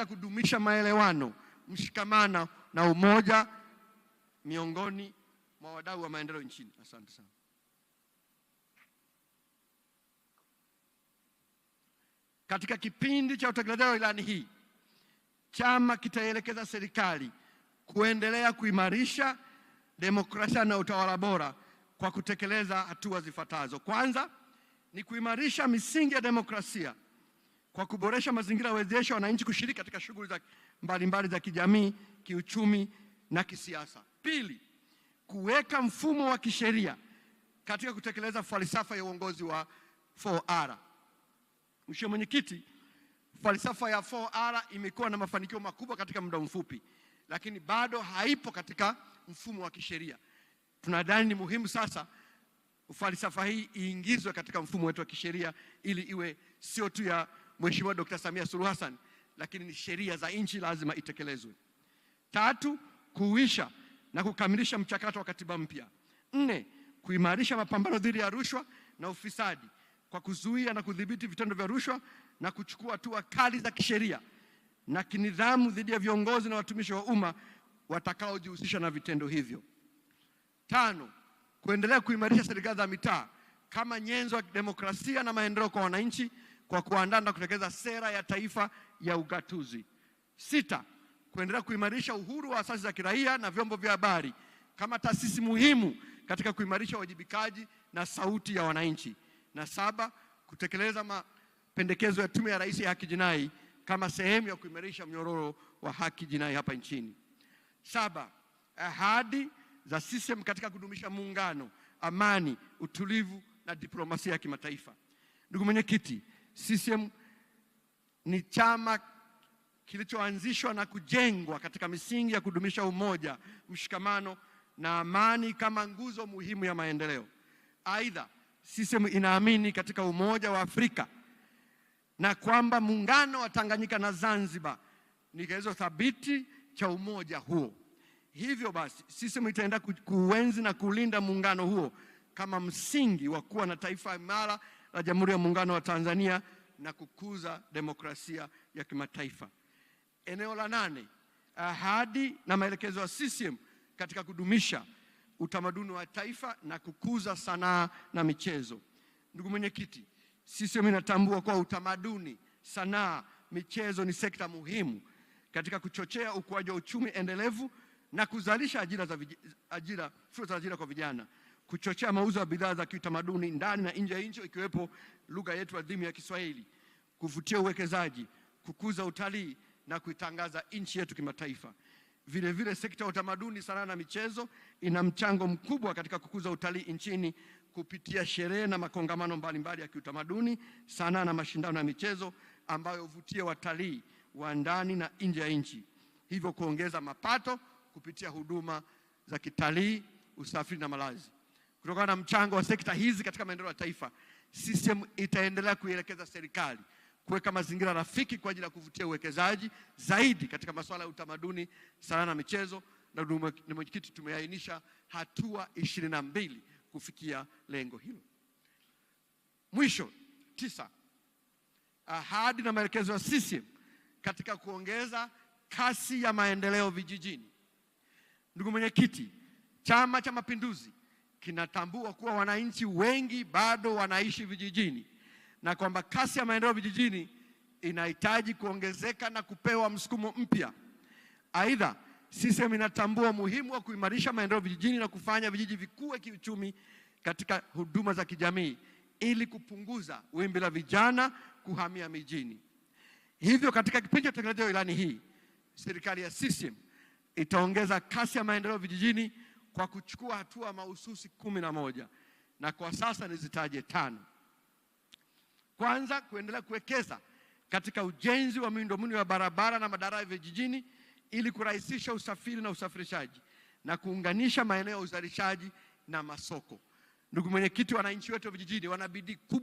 katika kudumisha maelewano, mshikamano na umoja miongoni mwa wadau wa maendeleo nchini. Asante sana. Katika kipindi cha utekelezaji wa ilani hii, chama kitaielekeza serikali kuendelea kuimarisha demokrasia na utawala bora kwa kutekeleza hatua zifuatazo. Kwanza ni kuimarisha misingi ya demokrasia kwa kuboresha mazingira wezeshi wananchi kushiriki katika shughuli mbalimbali za kijamii, kiuchumi na kisiasa. Pili, kuweka mfumo wa kisheria katika kutekeleza falsafa ya uongozi wa 4R. Mheshimiwa Mwenyekiti, falsafa ya 4R imekuwa na mafanikio makubwa katika muda mfupi, lakini bado haipo katika mfumo wa kisheria. Tunadhani ni muhimu sasa falsafa hii iingizwe katika mfumo wetu wa kisheria ili iwe sio tu ya Mheshimiwa Dr. Samia Suluhu Hassan, lakini ni sheria za nchi lazima itekelezwe. Tatu, kuuisha na kukamilisha mchakato wa katiba mpya. Nne, kuimarisha mapambano dhidi ya rushwa na ufisadi kwa kuzuia na kudhibiti vitendo vya rushwa na kuchukua hatua kali za kisheria na kinidhamu dhidi ya viongozi na watumishi wa umma watakaojihusisha na vitendo hivyo. Tano, kuendelea kuimarisha serikali za mitaa kama nyenzo ya demokrasia na maendeleo kwa wananchi kwa kuandaa na kutekeleza sera ya taifa ya ugatuzi. Sita, kuendelea kuimarisha uhuru wa asasi za kiraia na vyombo vya habari kama taasisi muhimu katika kuimarisha uwajibikaji na sauti ya wananchi. Na saba, kutekeleza mapendekezo ya Tume ya Rais ya Haki Jinai kama sehemu ya kuimarisha mnyororo wa haki jinai hapa nchini. Saba, ahadi za CCM katika kudumisha muungano, amani, utulivu na diplomasia ya kimataifa. Ndugu mwenyekiti, CCM ni chama kilichoanzishwa na kujengwa katika misingi ya kudumisha umoja, mshikamano na amani kama nguzo muhimu ya maendeleo. Aidha, CCM inaamini katika umoja wa Afrika na kwamba muungano wa Tanganyika na Zanzibar ni kigezo thabiti cha umoja huo. Hivyo basi, CCM itaenda kuuenzi na kulinda muungano huo kama msingi wa kuwa na taifa imara la Jamhuri ya Muungano wa Tanzania na kukuza demokrasia ya kimataifa. Eneo la nane, ahadi na maelekezo ya CCM katika kudumisha utamaduni wa taifa na kukuza sanaa na michezo. Ndugu mwenyekiti, CCM inatambua kuwa utamaduni, sanaa, michezo ni sekta muhimu katika kuchochea ukuaji wa uchumi endelevu na kuzalisha ajira za ajira fursa za ajira kwa vijana kuchochea mauzo ya bidhaa za kiutamaduni ndani na nje ya nchi, ikiwepo lugha yetu adhimu ya Kiswahili, kuvutia uwekezaji, kukuza utalii na kuitangaza nchi yetu kimataifa. Vilevile, sekta ya utamaduni, sanaa na michezo ina mchango mkubwa katika kukuza utalii nchini kupitia sherehe na makongamano mbalimbali ya kiutamaduni, sanaa na mashindano ya michezo ambayo huvutia watalii wa ndani na nje ya nchi, hivyo kuongeza mapato kupitia huduma za kitalii, usafiri na malazi. Kutokana na mchango wa sekta hizi katika maendeleo ya taifa, CCM itaendelea kuielekeza serikali kuweka mazingira rafiki kwa ajili ya kuvutia uwekezaji zaidi katika masuala ya utamaduni, sanaa na michezo. Na ni mwenyekiti, tumeainisha hatua ishirini na mbili kufikia lengo hilo. Mwisho tisa, ahadi na maelekezo ya CCM katika kuongeza kasi ya maendeleo vijijini. Ndugu mwenyekiti, Chama cha Mapinduzi kinatambua kuwa wananchi wengi bado wanaishi vijijini na kwamba kasi ya maendeleo vijijini inahitaji kuongezeka na kupewa msukumo mpya. Aidha, CCM inatambua umuhimu wa kuimarisha maendeleo vijijini na kufanya vijiji vikue kiuchumi katika huduma za kijamii ili kupunguza wimbi la vijana kuhamia mijini. Hivyo, katika kipindi cha utekelezaji wa ilani hii, serikali ya CCM itaongeza kasi ya maendeleo vijijini kwa kuchukua hatua mahususi kumi na moja na kwa sasa nizitaje tano. Kwanza, kuendelea kuwekeza katika ujenzi wa miundombinu ya barabara na madaraja vijijini ili kurahisisha usafiri na usafirishaji na kuunganisha maeneo ya uzalishaji na masoko. Ndugu mwenyekiti, wananchi wetu wa vijijini wana bidii kubwa.